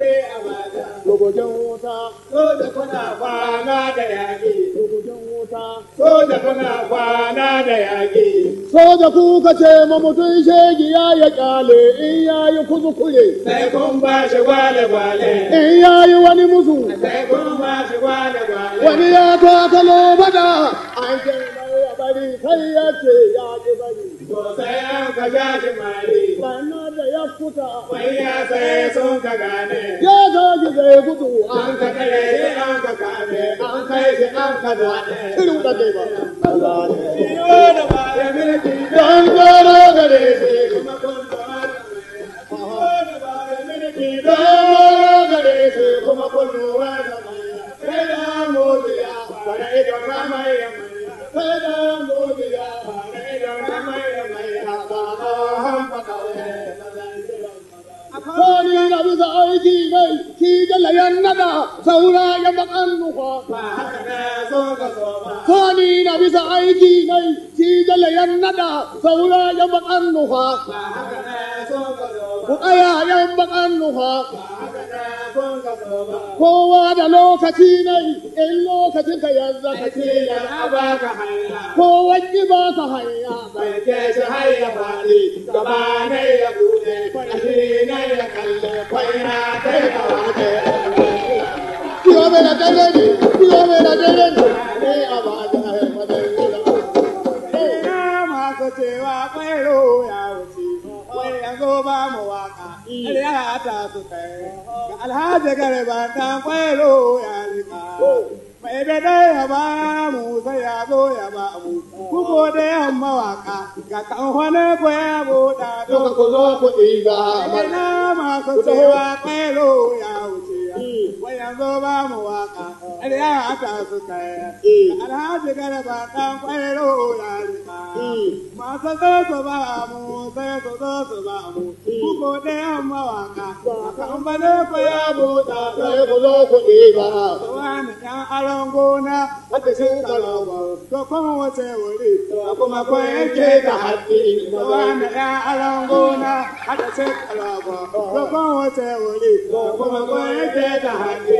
Rubujin wuta, soja kuna kwana da yaƙi. Rubujin wuta, soja kuna kwana da yaƙi. Soja kuka ce ma mutum shegi ya yi ƙyale in ya yi kuzukure. Sai kun ba shi gwale-gwale. In ya yi wani musu. Sai kun ba shi gwale-gwale. Wani ya kakalo bada an ce mai ya bari sai ya ce ya ki bari. ko sai an ka ja shi mari. ya kuta ya sun ka gane ya zo zai gudu an ka kare sai an ka kame an kai sai an ka da dai ba Allah ne yi da ba ya miliki dan gare bisa aiki nai shi jala yan nada saura yan bakan nufa ku tsaya yan bakan nufa kowa da lokaci nai in lokacin ka yanzu ka ce ya ba ka hanya ko wani ba ka hanya bai ke shi har ya faɗi gaba ne ya bude asiri ne ya kalle kwaina kai ka wata ya kalle. Yo me la jagare ba ta kwairo ya rika mai da ya ba mu sai ya zo ya ba mu kuko da yan mawaka ga kanhwane ko ya bo da do ko zo ku ɗiba mai na masu cewa kwairo ya wuce yanzu ba mu waka ƙarya ta suka yi eh. alhaji garba ɗan kwairo ya rika eh. masu so su ba mu sai su so su ba mu eh. kuko ɗayan mawaka a kan bane ku ya buɗa sai ku zo ku ɗiba su wani ɗan aron gona haka shi kalawa to kuma wace wuri to kuma ko yake da haɗi su wani ɗan aron na. haka shi kalawa to kuma wace wuri to kuma ko yake ta haɗi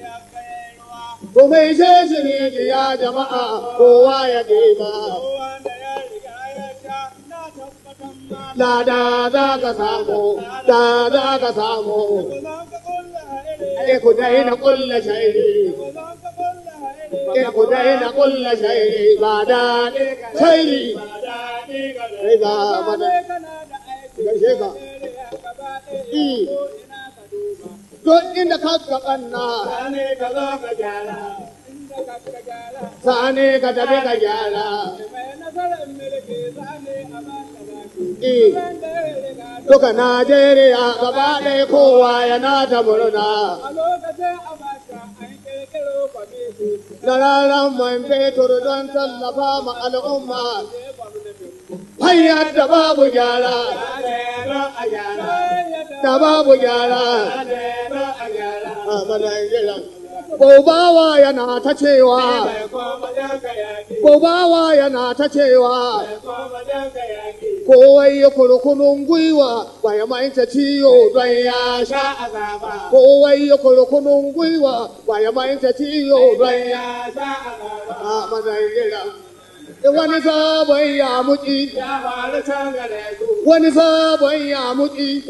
ku mai je shirye ya jama'a kowa ya nema da za ka samu ka samu eh, kulla shairi eh, shairi ba da shairi ba ka hmm. don inda ka ga kanna sane ka zo ka gyara sane ka tafi ka gyara e. Duka Najeriya gaba ɗaya kowa yana ta murna. A lokacin abata an ƙirƙiro Na ranar man fetur don tallafa ma al'umma. Hanyar da babu gyara. Da babu gyara. Bobawa yana ta cewa, Bobawa yana ta cewa, kowai ya kurkunun gwiwa ba ya manta ciyo don ya sha azaba. Kowai ya kurkunun gwiwa ba ya manta ciyo don ya sha azaba. gida. wani sabon ya muki wani sabon ya muki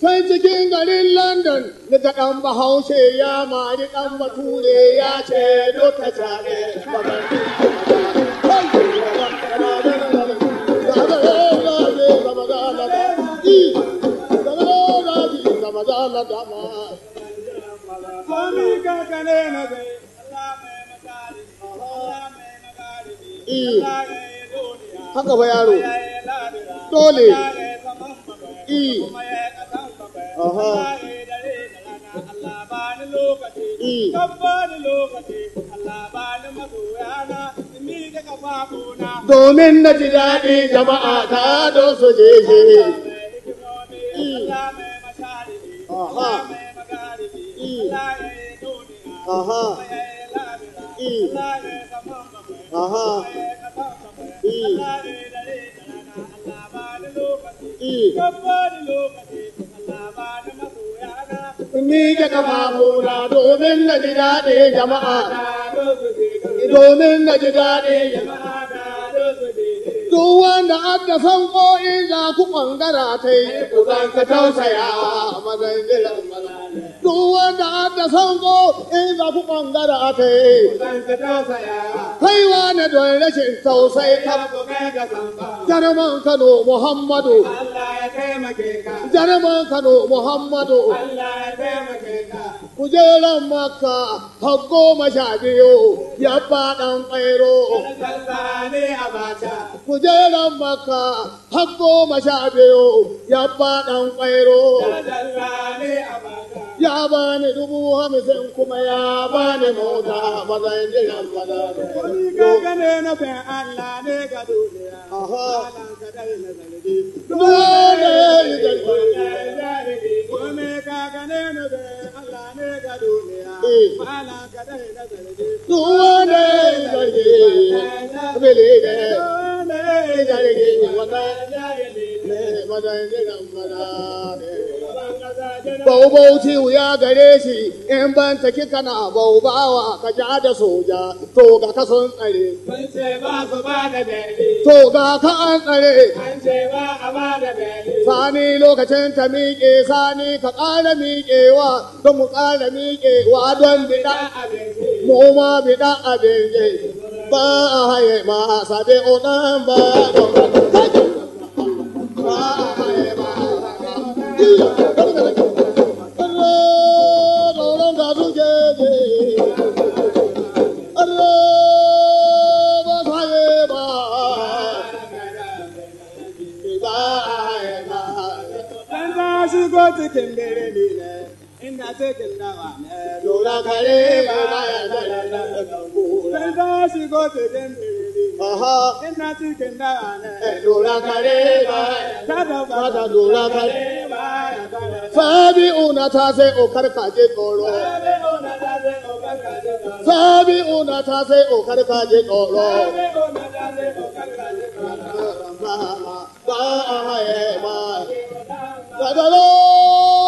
sai cikin garin london daga ɗan bahaushe ya mari ɗan bature ya ce duka na haka ba yaro, dole, i, Allah ba ni lokaci, ni Domin na ji daɗi jama'a ta don su je je. Allah miƙe kafafuna domin na ji daɗin jama'a domin na ji daɗin jama'a Duk wanda adda san ko in za ku kwangara ta yi ku zan ka tausaya a mazangilan malale. Duk wanda adda san ko in za ku kwangara ta yi ku zan ka tausaya. Kaiwa na don rashin tausai ka bugai ga zamba. Jaruman Kano Muhammadu. Allah ya taimake ka. Jaruman Kano Muhammadu. Allah ya taimake ka. Kujeran maka, har goma sha biyu ya faɗan ƙairo. Kujeran Makka har goma sha kujeran maka har goma sha biyu ya faɗan ƙwairo. Ya bani dubu hamsin kuma ya bani mota ba zan ji nan ba da Ka gane na fɛ Allah ne ga duniya. Aha. Dole yi da ka gane na fɛ Allah ne ga duniya. Eh. Malan ka dai na zargi. Dole yi da ƙwairo. Bau bau ciwo ya gare shi in ban taki kana bau bawa ka ja da soja to ga ka sun tsare. Ban ce ba su ba da beli. To ga ka an tsare. An ce ba a ba da beli. Sani lokacin ta miƙe sani ka ƙara miƙewa don mu ƙara miƙewa don biɗa abinci. Mu ma biɗa abin Ba e ma sa de o n a ma y b i n i a se k e n a n k y o r Fabi una tase o karkaje koro. Fabi una tase o karkaje koro. Ba a ma ba a ma ba. Ba da lo.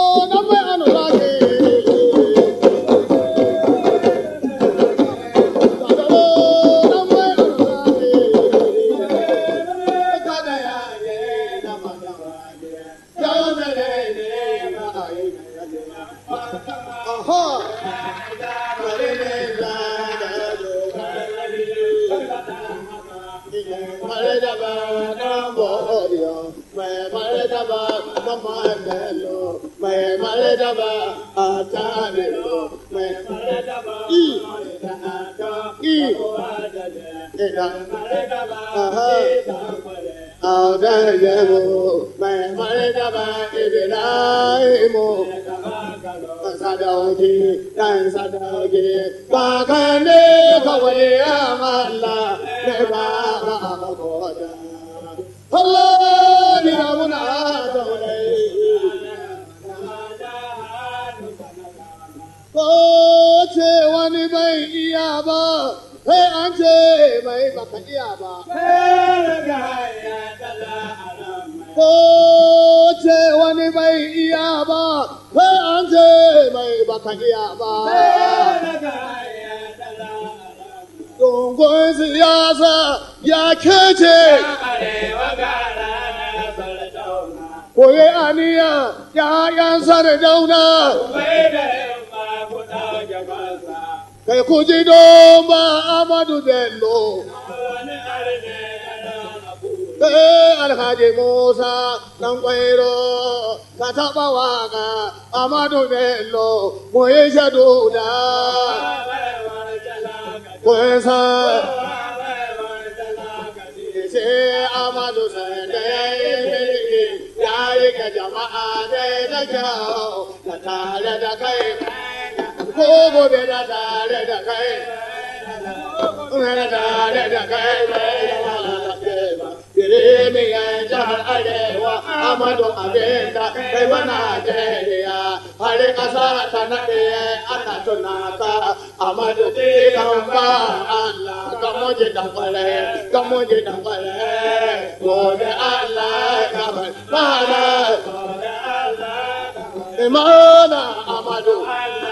sadauki you sadauki ba kan ce mai baka iya ba. Ko ce wani bai iya ba, kai an ce mai baka iya ba. Dungun siyasa ya ce Koye aniya, ya'yan sardauna. Koye da e k u j i d ó bá Amadu b e l o Alhaji Musa ɗan k w a r o ka taɓa waka Amadu b e l o mu y shaɗu da. Kun san s a amadu sai ya i ga jama'a dai a kyau da t a e da kai Kogo de da da de da kai. De da da de da kai. Kirimi ya jahar arewa Amadu abinda kai mana jeriya Hari kasa ta naɗe ana tunaka Amadu kan ba Allah Kamu ji dangwale, kamu ji dangwale Gobe Allah kamar mana Imana Amadu Allah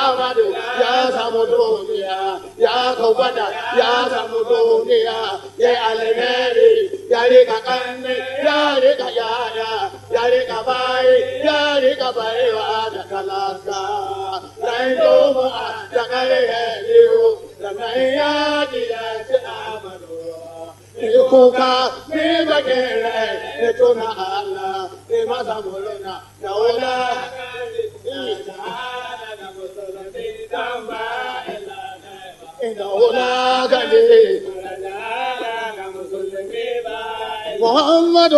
jama'a da Allah Muhammadu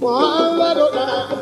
Muhammadu